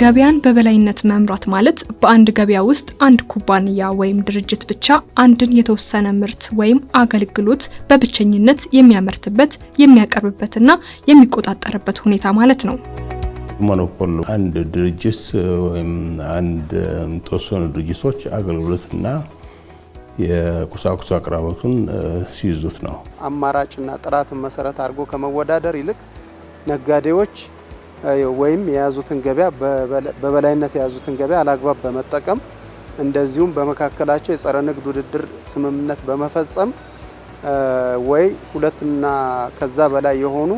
ገበያን በበላይነት መምራት ማለት በአንድ ገበያ ውስጥ አንድ ኩባንያ ወይም ድርጅት ብቻ አንድን የተወሰነ ምርት ወይም አገልግሎት በብቸኝነት የሚያመርትበት የሚያቀርብበትና የሚቆጣጠርበት ሁኔታ ማለት ነው። ሞኖፖል አንድ ድርጅት ወይም አንድ ተወሰኑ ድርጅቶች አገልግሎትና የቁሳቁስ አቅራቦቱን ሲይዙት ነው። አማራጭና ጥራትን መሰረት አድርጎ ከመወዳደር ይልቅ ነጋዴዎች ወይም የያዙትን ገበያ በበላይነት የያዙትን ገበያ አላግባብ በመጠቀም እንደዚሁም በመካከላቸው የጸረ ንግድ ውድድር ስምምነት በመፈጸም ወይ ሁለትና ከዛ በላይ የሆኑ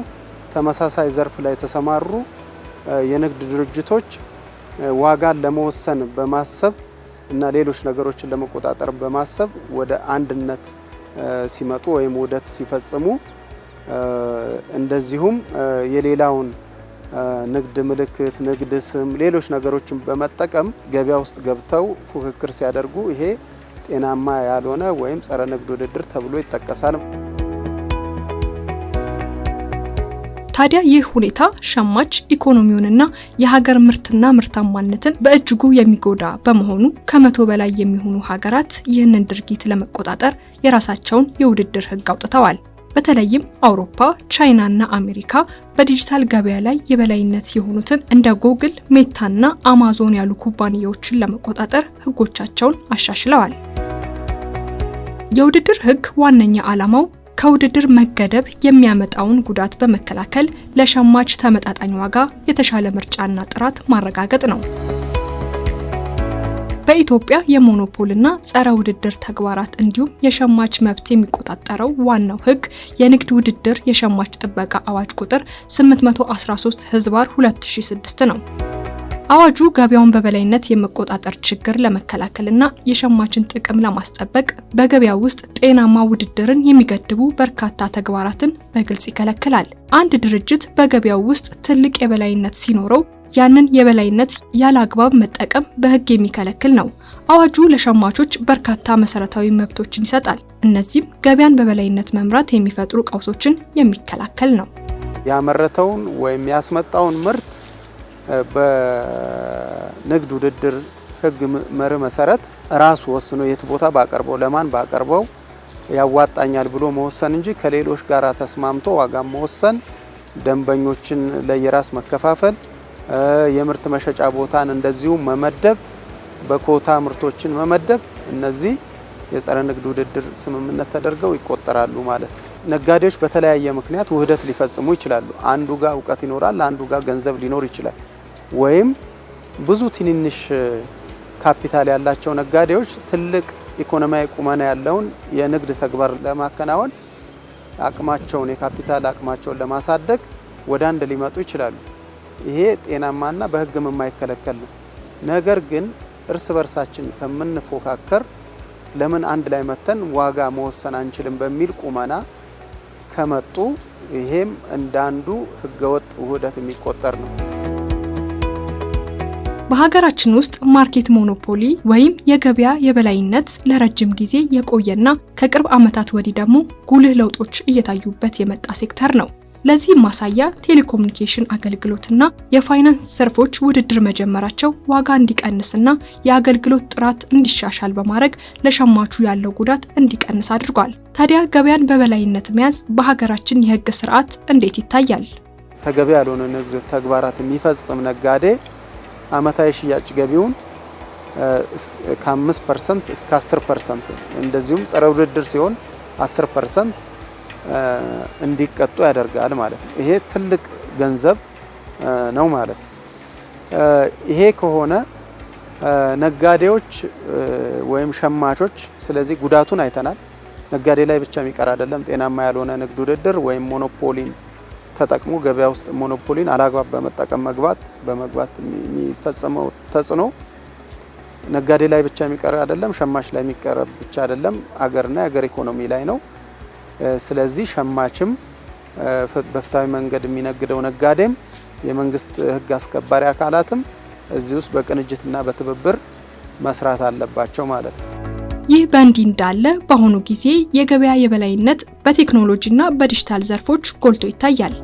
ተመሳሳይ ዘርፍ ላይ የተሰማሩ የንግድ ድርጅቶች ዋጋን ለመወሰን በማሰብ እና ሌሎች ነገሮችን ለመቆጣጠር በማሰብ ወደ አንድነት ሲመጡ ወይም ውህደት ሲፈጽሙ እንደዚሁም የሌላውን ንግድ ምልክት፣ ንግድ ስም፣ ሌሎች ነገሮችን በመጠቀም ገበያ ውስጥ ገብተው ፉክክር ሲያደርጉ ይሄ ጤናማ ያልሆነ ወይም ጸረ ንግድ ውድድር ተብሎ ይጠቀሳል። ታዲያ ይህ ሁኔታ ሸማች ኢኮኖሚውንና የሀገር ምርትና ምርታማነትን በእጅጉ የሚጎዳ በመሆኑ ከመቶ በላይ የሚሆኑ ሀገራት ይህንን ድርጊት ለመቆጣጠር የራሳቸውን የውድድር ሕግ አውጥተዋል። በተለይም አውሮፓ፣ ቻይና እና አሜሪካ በዲጂታል ገበያ ላይ የበላይነት የሆኑትን እንደ ጎግል፣ ና አማዞን ያሉ ኩባንያዎችን ለመቆጣጠር ህጎቻቸውን አሻሽለዋል። የውድድር ህግ ዋነኛ ዓላማው ከውድድር መገደብ የሚያመጣውን ጉዳት በመከላከል ለሸማች ተመጣጣኝ ዋጋ፣ የተሻለ ምርጫና ጥራት ማረጋገጥ ነው። በኢትዮጵያ የሞኖፖልና ጸረ ውድድር ተግባራት እንዲሁም የሸማች መብት የሚቆጣጠረው ዋናው ህግ የንግድ ውድድር የሸማች ጥበቃ አዋጅ ቁጥር 813 ህዝባር 2006 ነው። አዋጁ ገበያውን በበላይነት የመቆጣጠር ችግር ለመከላከልና የሸማችን ጥቅም ለማስጠበቅ በገበያ ውስጥ ጤናማ ውድድርን የሚገድቡ በርካታ ተግባራትን በግልጽ ይከለክላል። አንድ ድርጅት በገበያው ውስጥ ትልቅ የበላይነት ሲኖረው ያንን የበላይነት ያለ አግባብ መጠቀም በህግ የሚከለክል ነው። አዋጁ ለሸማቾች በርካታ መሰረታዊ መብቶችን ይሰጣል። እነዚህም ገበያን በበላይነት መምራት የሚፈጥሩ ቀውሶችን የሚከላከል ነው። ያመረተውን ወይም ያስመጣውን ምርት በንግድ ውድድር ህግ መር መሰረት ራሱ ወስኖ የት ቦታ ባቀርበው ለማን ባቀርበው ያዋጣኛል ብሎ መወሰን እንጂ ከሌሎች ጋር ተስማምቶ ዋጋ መወሰን፣ ደንበኞችን ለየራስ መከፋፈል የምርት መሸጫ ቦታን እንደዚሁ መመደብ፣ በኮታ ምርቶችን መመደብ እነዚህ የጸረ ንግድ ውድድር ስምምነት ተደርገው ይቆጠራሉ ማለት ነው። ነጋዴዎች በተለያየ ምክንያት ውህደት ሊፈጽሙ ይችላሉ። አንዱ ጋር እውቀት ይኖራል፣ አንዱ ጋር ገንዘብ ሊኖር ይችላል። ወይም ብዙ ትንንሽ ካፒታል ያላቸው ነጋዴዎች ትልቅ ኢኮኖሚያዊ ቁመና ያለውን የንግድ ተግባር ለማከናወን አቅማቸውን የካፒታል አቅማቸውን ለማሳደግ ወደ አንድ ሊመጡ ይችላሉ። ይሄ ጤናማና በህግም የማይከለከል ነው። ነገር ግን እርስ በርሳችን ከምንፎካከር ለምን አንድ ላይ መተን ዋጋ መወሰን አንችልም በሚል ቁመና ከመጡ ይሄም እንዳንዱ ህገወጥ ውህደት የሚቆጠር ነው። በሀገራችን ውስጥ ማርኬት ሞኖፖሊ ወይም የገበያ የበላይነት ለረጅም ጊዜ የቆየና ከቅርብ ዓመታት ወዲህ ደግሞ ጉልህ ለውጦች እየታዩበት የመጣ ሴክተር ነው። ለዚህም ማሳያ ቴሌኮሙኒኬሽን አገልግሎትና የፋይናንስ ዘርፎች ውድድር መጀመራቸው ዋጋ እንዲቀንስና የአገልግሎት ጥራት እንዲሻሻል በማድረግ ለሸማቹ ያለው ጉዳት እንዲቀንስ አድርጓል። ታዲያ ገበያን በበላይነት መያዝ በሀገራችን የህግ ስርዓት እንዴት ይታያል? ተገቢ ያልሆነ ንግድ ተግባራት የሚፈጽም ነጋዴ አመታዊ ሽያጭ ገቢውን ከ5 ፐርሰንት እስከ 10 ፐርሰንት እንደዚሁም ጸረ ውድድር ሲሆን 10 ፐርሰንት እንዲቀጡ ያደርጋል ማለት ነው። ይሄ ትልቅ ገንዘብ ነው ማለት ነው። ይሄ ከሆነ ነጋዴዎች ወይም ሸማቾች፣ ስለዚህ ጉዳቱን አይተናል። ነጋዴ ላይ ብቻ የሚቀር አይደለም። ጤናማ ያልሆነ ንግድ ውድድር ወይም ሞኖፖሊን ተጠቅሞ ገበያ ውስጥ ሞኖፖሊን አላግባብ በመጠቀም መግባት በመግባት የሚፈጸመው ተጽዕኖ ነጋዴ ላይ ብቻ የሚቀር አይደለም። ሸማች ላይ የሚቀር ብቻ አይደለም። አገርና የአገር ኢኮኖሚ ላይ ነው። ስለዚህ ሸማችም በፍትሐዊ መንገድ የሚነግደው ነጋዴም የመንግስት ህግ አስከባሪ አካላትም እዚህ ውስጥ በቅንጅትና በትብብር መስራት አለባቸው ማለት ነው። ይህ በእንዲህ እንዳለ በአሁኑ ጊዜ የገበያ የበላይነት በቴክኖሎጂና በዲጂታል ዘርፎች ጎልቶ ይታያል።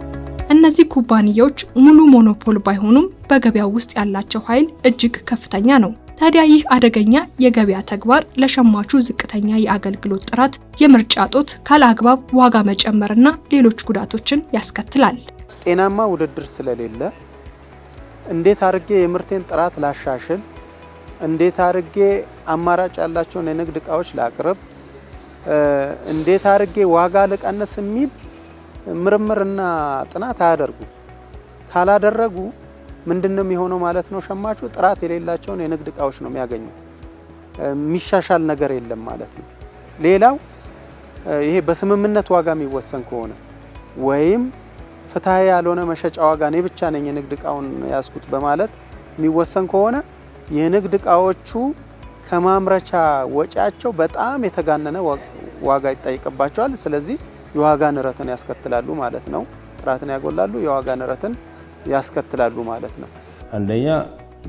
እነዚህ ኩባንያዎች ሙሉ ሞኖፖል ባይሆኑም በገበያው ውስጥ ያላቸው ኃይል እጅግ ከፍተኛ ነው። ታዲያ ይህ አደገኛ የገበያ ተግባር ለሸማቹ ዝቅተኛ የአገልግሎት ጥራት፣ የምርጫ ጦት፣ ካለአግባብ ዋጋ መጨመርና ሌሎች ጉዳቶችን ያስከትላል። ጤናማ ውድድር ስለሌለ እንዴት አድርጌ የምርቴን ጥራት ላሻሽል፣ እንዴት አድርጌ አማራጭ ያላቸውን የንግድ እቃዎች ላቅርብ፣ እንዴት አድርጌ ዋጋ ልቀንስ የሚል ምርምርና ጥናት አያደርጉ ካላደረጉ ምንድን ነው የሚሆነው ማለት ነው። ሸማቹ ጥራት የሌላቸውን የንግድ እቃዎች ነው የሚያገኘው። የሚሻሻል ነገር የለም ማለት ነው። ሌላው ይሄ በስምምነት ዋጋ የሚወሰን ከሆነ ወይም ፍትሐዊ ያልሆነ መሸጫ ዋጋ እኔ ብቻ ነኝ የንግድ እቃውን ያስኩት በማለት የሚወሰን ከሆነ የንግድ እቃዎቹ ከማምረቻ ወጪያቸው በጣም የተጋነነ ዋጋ ይጠይቅባቸዋል። ስለዚህ የዋጋ ንረትን ያስከትላሉ ማለት ነው። ጥራትን ያጎላሉ፣ የዋጋ ንረትን ያስከትላሉ ማለት ነው። አንደኛ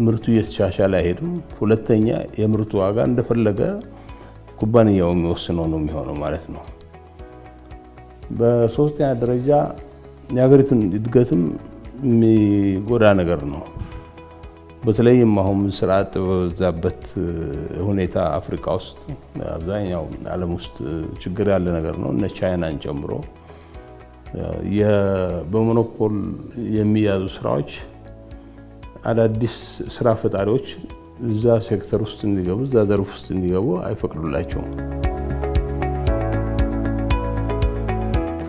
ምርቱ እየተሻሻለ አይሄድም። ሁለተኛ የምርቱ ዋጋ እንደፈለገ ኩባንያው የሚወስነው ነው የሚሆነው ማለት ነው። በሶስተኛ ደረጃ የሀገሪቱን እድገትም የሚጎዳ ነገር ነው። በተለይም አሁን ስራ አጥ በበዛበት ሁኔታ አፍሪካ ውስጥ አብዛኛው ዓለም ውስጥ ችግር ያለ ነገር ነው እነ ቻይናን ጨምሮ በሞኖፖል የሚያዙ ስራዎች አዳዲስ ስራ ፈጣሪዎች እዛ ሴክተር ውስጥ እንዲገቡ እዛ ዘርፍ ውስጥ እንዲገቡ አይፈቅዱላቸውም።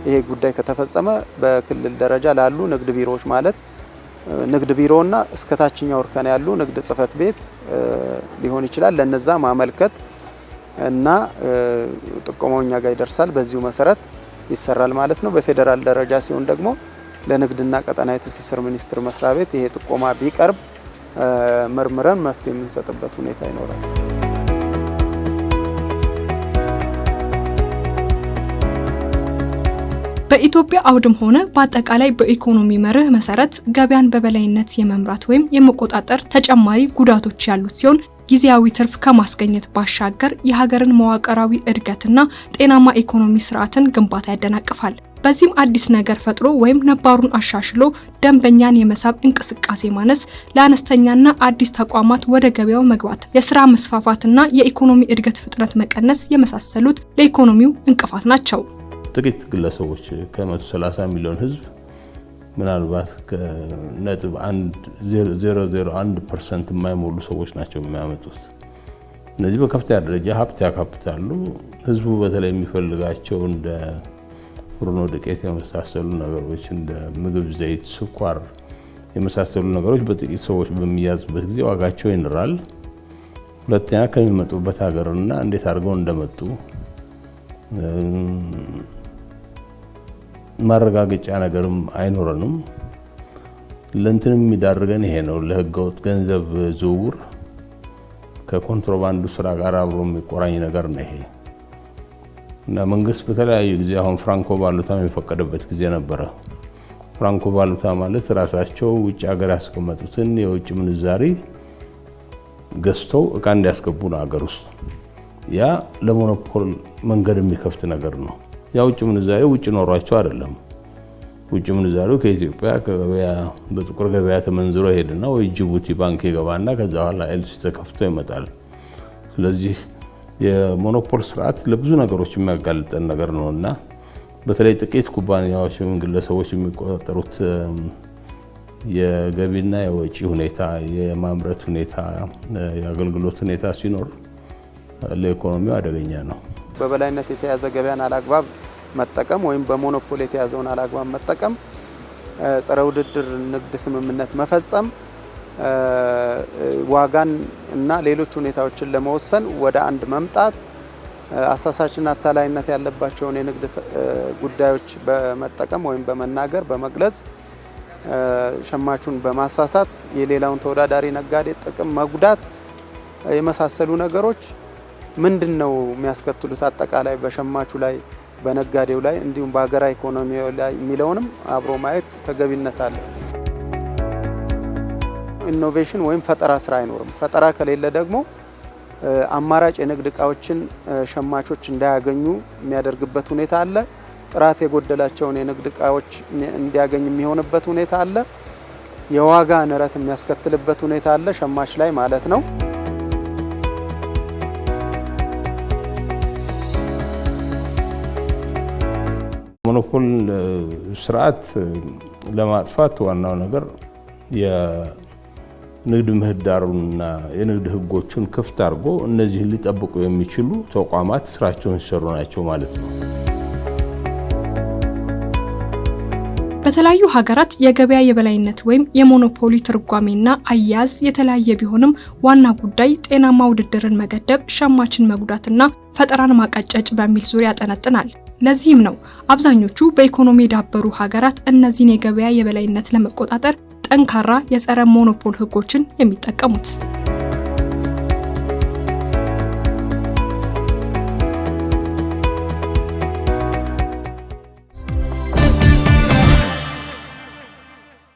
ይሄ ጉዳይ ከተፈጸመ በክልል ደረጃ ላሉ ንግድ ቢሮዎች ማለት ንግድ ቢሮና እስከ ታችኛው እርከን ያሉ ንግድ ጽህፈት ቤት ሊሆን ይችላል። ለነዛ ማመልከት እና ጥቆማው እኛ ጋር ይደርሳል። በዚሁ መሰረት ይሰራል ማለት ነው። በፌዴራል ደረጃ ሲሆን ደግሞ ለንግድና ቀጠናዊ ትስስር ሚኒስቴር መስሪያ ቤት ይሄ ጥቆማ ቢቀርብ መርምረን መፍትሄ የምንሰጥበት ሁኔታ ይኖራል። በኢትዮጵያ አውድም ሆነ በአጠቃላይ በኢኮኖሚ መርህ መሰረት ገበያን በበላይነት የመምራት ወይም የመቆጣጠር ተጨማሪ ጉዳቶች ያሉት ሲሆን ጊዜያዊ ትርፍ ከማስገኘት ባሻገር የሀገርን መዋቅራዊ እድገትና ጤናማ ኢኮኖሚ ስርዓትን ግንባታ ያደናቅፋል። በዚህም አዲስ ነገር ፈጥሮ ወይም ነባሩን አሻሽሎ ደንበኛን የመሳብ እንቅስቃሴ ማነስ፣ ለአነስተኛና አዲስ ተቋማት ወደ ገበያው መግባት፣ የስራ መስፋፋትና የኢኮኖሚ እድገት ፍጥነት መቀነስ የመሳሰሉት ለኢኮኖሚው እንቅፋት ናቸው። ጥቂት ግለሰቦች ከ130 ሚሊዮን ህዝብ ምናልባት ነጥብ ዜሮ ፐርሰንት የማይሞሉ ሰዎች ናቸው የሚያመጡት። እነዚህ በከፍተኛ ደረጃ ሀብት ያካብታሉ። ህዝቡ በተለይ የሚፈልጋቸው እንደ ፍርኖ ዱቄት የመሳሰሉ ነገሮች፣ እንደ ምግብ ዘይት፣ ስኳር የመሳሰሉ ነገሮች በጥቂት ሰዎች በሚያዙበት ጊዜ ዋጋቸው ይንራል። ሁለተኛ ከሚመጡበት ሀገርና እንዴት አድርገው እንደመጡ ማረጋገጫ ነገርም አይኖረንም። ለእንትንም የሚዳርገን ይሄ ነው። ለህገወጥ ገንዘብ ዝውውር ከኮንትሮባንዱ ስራ ጋር አብሮ የሚቆራኝ ነገር ነው ይሄ እና መንግስት በተለያዩ ጊዜ አሁን ፍራንኮ ቫሉታ የፈቀደበት ጊዜ ነበረ። ፍራንኮ ቫሉታ ማለት ራሳቸው ውጭ ሀገር ያስቀመጡትን የውጭ ምንዛሪ ገዝተው እቃ እንዲያስገቡ ነው ሀገር ውስጥ። ያ ለሞኖፖል መንገድ የሚከፍት ነገር ነው። ውጭ ምንዛሬ ውጭ ኖሯቸው አይደለም። ውጭ ምንዛሬው ከኢትዮጵያ ከገበያ በጥቁር ገበያ ተመንዝሮ ሄድና ወይ ጅቡቲ ባንክ ይገባና ከዛ በኋላ ኤልሲ ተከፍቶ ይመጣል። ስለዚህ የሞኖፖል ስርዓት ለብዙ ነገሮች የሚያጋልጠን ነገር ነው እና በተለይ ጥቂት ኩባንያዎች ወይም ግለሰቦች የሚቆጣጠሩት የገቢና የወጪ ሁኔታ፣ የማምረት ሁኔታ፣ የአገልግሎት ሁኔታ ሲኖር ለኢኮኖሚው አደገኛ ነው። በበላይነት የተያዘ ገበያን አላግባብ መጠቀም ወይም በሞኖፖል የተያዘውን አላግባብ መጠቀም፣ ጸረ ውድድር ንግድ ስምምነት መፈጸም፣ ዋጋን እና ሌሎች ሁኔታዎችን ለመወሰን ወደ አንድ መምጣት፣ አሳሳችና አታላይነት ያለባቸውን የንግድ ጉዳዮች በመጠቀም ወይም በመናገር በመግለጽ ሸማቹን በማሳሳት የሌላውን ተወዳዳሪ ነጋዴ ጥቅም መጉዳት የመሳሰሉ ነገሮች ምንድን ነው የሚያስከትሉት አጠቃላይ በሸማቹ ላይ በነጋዴው ላይ እንዲሁም በሀገራ ኢኮኖሚ ላይ የሚለውንም አብሮ ማየት ተገቢነት አለ። ኢኖቬሽን ወይም ፈጠራ ስራ አይኖርም። ፈጠራ ከሌለ ደግሞ አማራጭ የንግድ እቃዎችን ሸማቾች እንዳያገኙ የሚያደርግበት ሁኔታ አለ። ጥራት የጎደላቸውን የንግድ እቃዎች እንዲያገኝ የሚሆንበት ሁኔታ አለ። የዋጋ ንረት የሚያስከትልበት ሁኔታ አለ፣ ሸማች ላይ ማለት ነው። የሞኖፖል ስርዓት ለማጥፋት ዋናው ነገር የንግድ ምህዳሩንና የንግድ ሕጎቹን ክፍት አድርጎ እነዚህን ሊጠብቁ የሚችሉ ተቋማት ስራቸውን ሲሰሩ ናቸው ማለት ነው። በተለያዩ ሀገራት የገበያ የበላይነት ወይም የሞኖፖሊ ትርጓሜና አያያዝ የተለያየ ቢሆንም ዋና ጉዳይ ጤናማ ውድድርን መገደብ፣ ሸማችን መጉዳትና ፈጠራን ማቀጨጭ በሚል ዙሪያ ያጠነጥናል። ለዚህም ነው አብዛኞቹ በኢኮኖሚ የዳበሩ ሀገራት እነዚህን የገበያ የበላይነት ለመቆጣጠር ጠንካራ የጸረ ሞኖፖል ህጎችን የሚጠቀሙት።